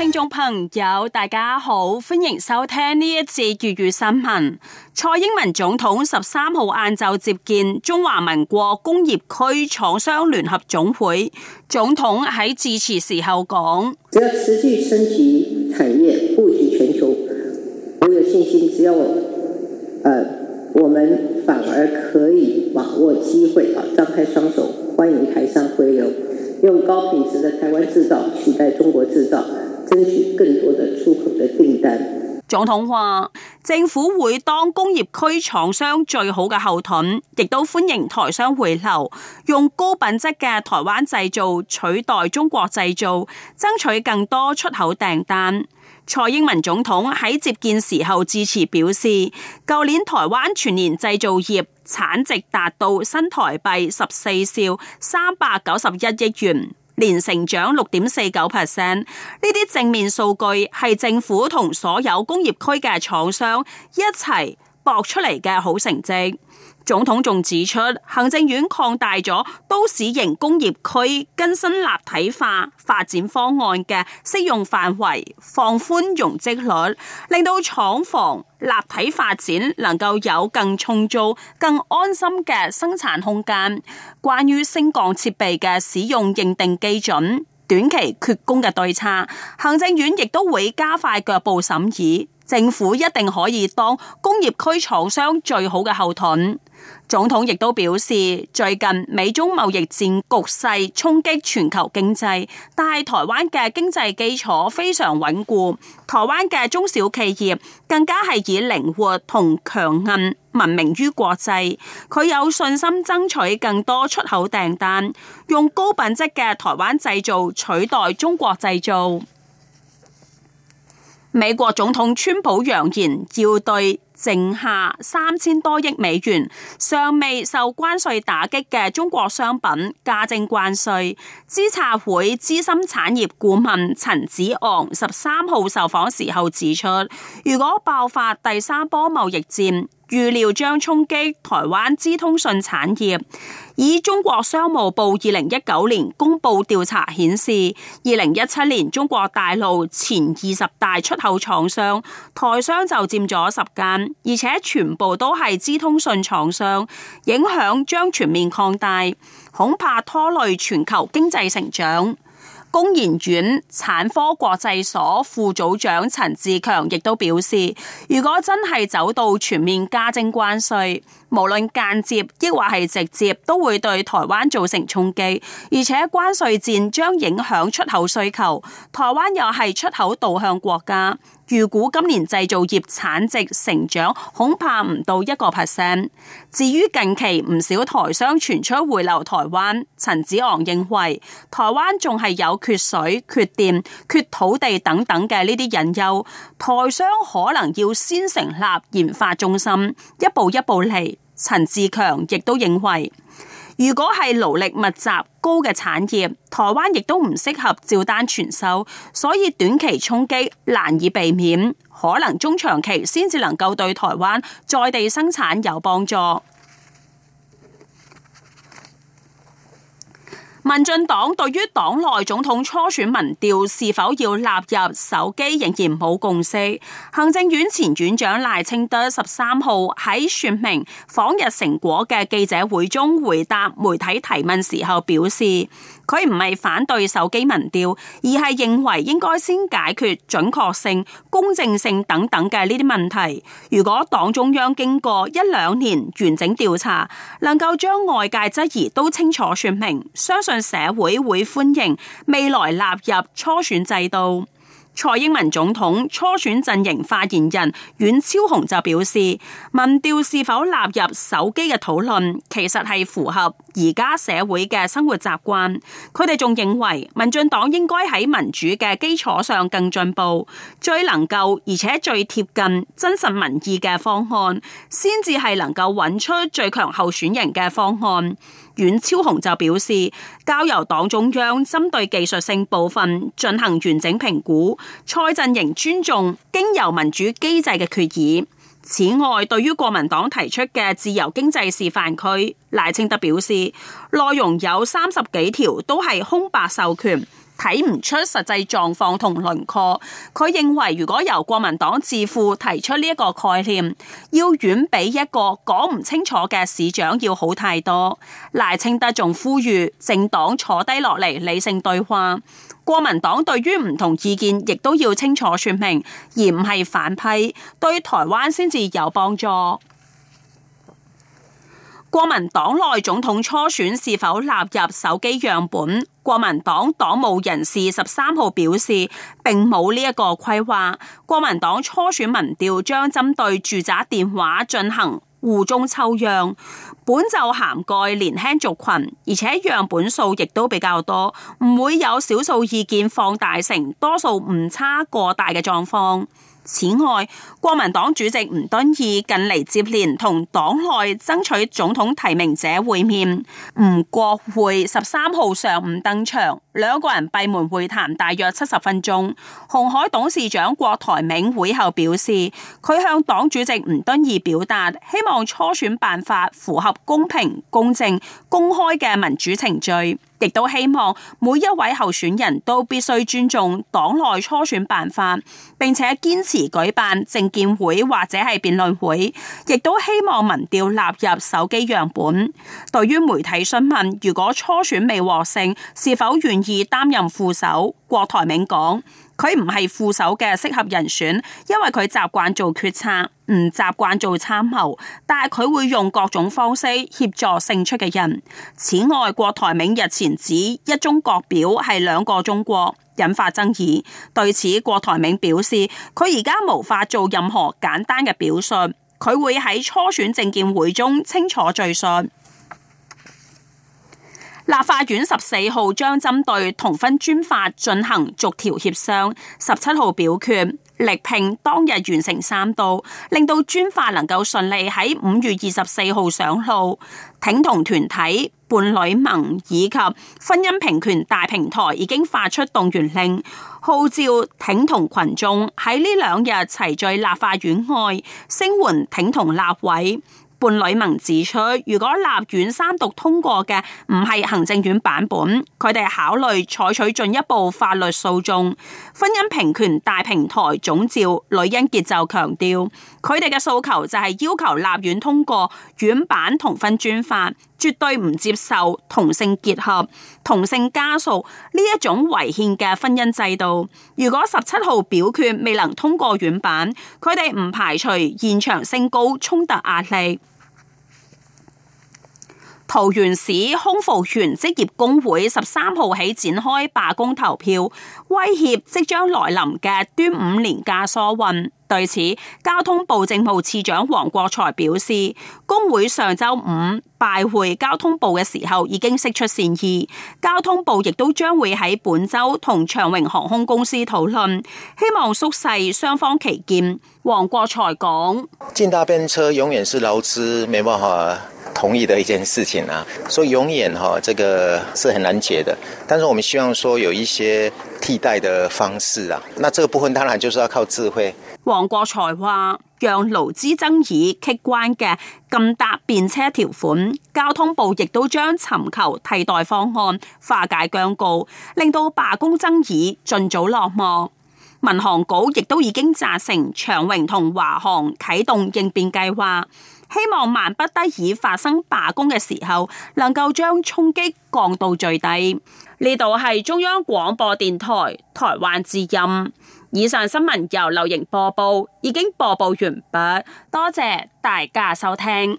聽眾朋友，大家好，歡迎收聽呢一次粵語新聞。蔡英文總統十三號晏晝接見中華民國工業區廠商聯合總會。總統喺致辭時候講：只要持續升級產業，布局全球，我有信心。只要，誒、呃，我們反而可以把握，握機會，啊，張開雙手歡迎台商回流，用高品質嘅台灣製造取代中國製造。爭取更多的出口的訂單。總統話：政府會當工業區廠商最好嘅後盾，亦都歡迎台商回流，用高品質嘅台灣製造取代中國製造，爭取更多出口訂單。蔡英文總統喺接見時候致辭表示，舊年台灣全年製造業產值達到新台幣十四兆三百九十一億元，年成長六點四九 percent，呢啲正面數據係政府同所有工業區嘅廠商一齊搏出嚟嘅好成績，總統仲指出，行政院擴大咗都市型工業區更新立體化發展方案嘅適用範圍，放寬容積率，令到廠房立體發展能夠有更充足、更安心嘅生產空間。關於升降設備嘅使用認定基準、短期缺工嘅對策，行政院亦都會加快腳步審議。政府一定可以當工業區廠商最好嘅後盾。總統亦都表示，最近美中貿易戰局勢衝擊全球經濟，但係台灣嘅經濟基礎非常穩固，台灣嘅中小企業更加係以靈活同強硬聞名於國際。佢有信心爭取更多出口訂單，用高品質嘅台灣製造取代中國製造。美國總統川普揚言要對剩下三千多億美元尚未受關稅打擊嘅中國商品加徵關稅。資策會資深產業顧問陳子昂十三號受訪時候指出，如果爆發第三波貿易戰。預料將衝擊台灣資通訊產業。以中國商務部二零一九年公布調查顯示，二零一七年中國大陸前二十大出口廠商，台商就佔咗十間，而且全部都係資通訊廠商，影響將全面擴大，恐怕拖累全球經濟成長。工研院產科國際所副組長陳志強亦都表示，如果真係走到全面加徵關稅，無論間接亦或係直接，都會對台灣造成衝擊，而且關稅戰將影響出口需求。台灣又係出口導向國家，預估今年製造業產值成長恐怕唔到一個 percent。至於近期唔少台商傳出回流台灣，陳子昂認為台灣仲係有缺水、缺電、缺土地等等嘅呢啲隱憂，台商可能要先成立研發中心，一步一步嚟。陳志強亦都認為，如果係勞力密集高嘅產業，台灣亦都唔適合照單全收，所以短期衝擊難以避免，可能中長期先至能夠對台灣在地生產有幫助。民進黨對於黨內總統初選民調是否要納入手機仍然冇共識。行政院前院長賴清德十三號喺說明訪日成果嘅記者會中回答媒體提問時候表示，佢唔係反對手機民調，而係認為應該先解決準確性、公正性等等嘅呢啲問題。如果黨中央經過一兩年完整調查，能夠將外界質疑都清楚說明，相信。社會會歡迎未來納入初選制度。蔡英文總統初選陣營發言人阮超雄就表示，民調是否納入手機嘅討論，其實係符合而家社會嘅生活習慣，佢哋仲認為民進黨應該喺民主嘅基礎上更進步，最能夠而且最貼近真實民意嘅方案，先至係能夠揾出最強候選人嘅方案。阮超雄就表示，交由黨中央針對技術性部分進行完整評估。蔡陣營尊重經由民主機制嘅決議。此外，對於國民黨提出嘅自由經濟示範區，賴清德表示，內容有三十幾條，都係空白授權。睇唔出實際狀況同輪廓，佢認為如果由國民黨自負提出呢一個概念，要遠比一個講唔清楚嘅市長要好太多。賴清德仲呼籲政黨坐低落嚟理性對話，國民黨對於唔同意見亦都要清楚說明，而唔係反批，對台灣先至有幫助。國民黨內總統初選是否納入手機樣本？國民黨黨務人士十三號表示，並冇呢一個規劃。國民黨初選民調將針對住宅電話進行戶中抽樣，本就涵蓋年輕族群，而且樣本數亦都比較多，唔會有少數意見放大成多數唔差過大嘅狀況。此外，國民黨主席吳敦義近嚟接連同黨內爭取總統提名者會面，吳郭會十三號上午登場。兩個人閉門會談大約七十分鐘。鴻海董事長郭台銘會後表示，佢向黨主席吳敦義表達希望初選辦法符合公平、公正、公開嘅民主程序，亦都希望每一位候選人都必須尊重黨內初選辦法，並且堅持舉辦政見會或者係辯論會，亦都希望民調納入手機樣本。對於媒體詢問，如果初選未獲勝，是否願意，而擔任副手，郭台銘講佢唔係副手嘅適合人選，因為佢習慣做決策，唔習慣做參謀，但係佢會用各種方式協助勝出嘅人。此外，郭台銘日前指一中各表係兩個中國，引發爭議。對此，郭台銘表示，佢而家無法做任何簡單嘅表述，佢會喺初選政見會中清楚敘述。立法院十四號將針對同婚專法進行逐條協商，十七號表決力拼當日完成三讀，令到專法能夠順利喺五月二十四號上路。挺同團體伴侶盟以及婚姻平權大平台已經發出動員令，號召挺同群眾喺呢兩日齊聚立法院外聲援挺同立委。伴侶盟指出，如果立院三讀通過嘅唔係行政院版本，佢哋考慮採取進一步法律訴訟。婚姻平權大平台總召呂欣潔就強調，佢哋嘅訴求就係要求立院通過院版同婚專法，絕對唔接受同性結合、同性家屬呢一種違憲嘅婚姻制度。如果十七號表決未能通過院版，佢哋唔排除現場升高衝突壓力。桃園市空服員職業工會十三號起展開罷工投票，威脅即將來臨嘅端午連假疏運。對此，交通部政務次長王國才表示，工會上週五拜會交通部嘅時候已經釋出善意，交通部亦都將會喺本週同長榮航空公司討論，希望縮細雙方歧見。王國才講：禁搭便車永遠是勞資，沒辦法啊。同意的一件事情啊，所以永遠哈、啊，這個是很難解的。但是我們希望說有一些替代的方式啊，那這個部分當然就是要靠智慧。王國材話，讓勞資爭議棘關嘅禁搭便車條款，交通部亦都將尋求替代方案，化解僵局，令到罷工爭議盡早落幕。民航局亦都已經責成長榮同華航啟動應變計劃，希望萬不得已發生罷工嘅時候，能夠將衝擊降到最低。呢度係中央廣播電台台灣之音。以上新聞由劉瑩播報，已經播報完畢，多謝大家收聽。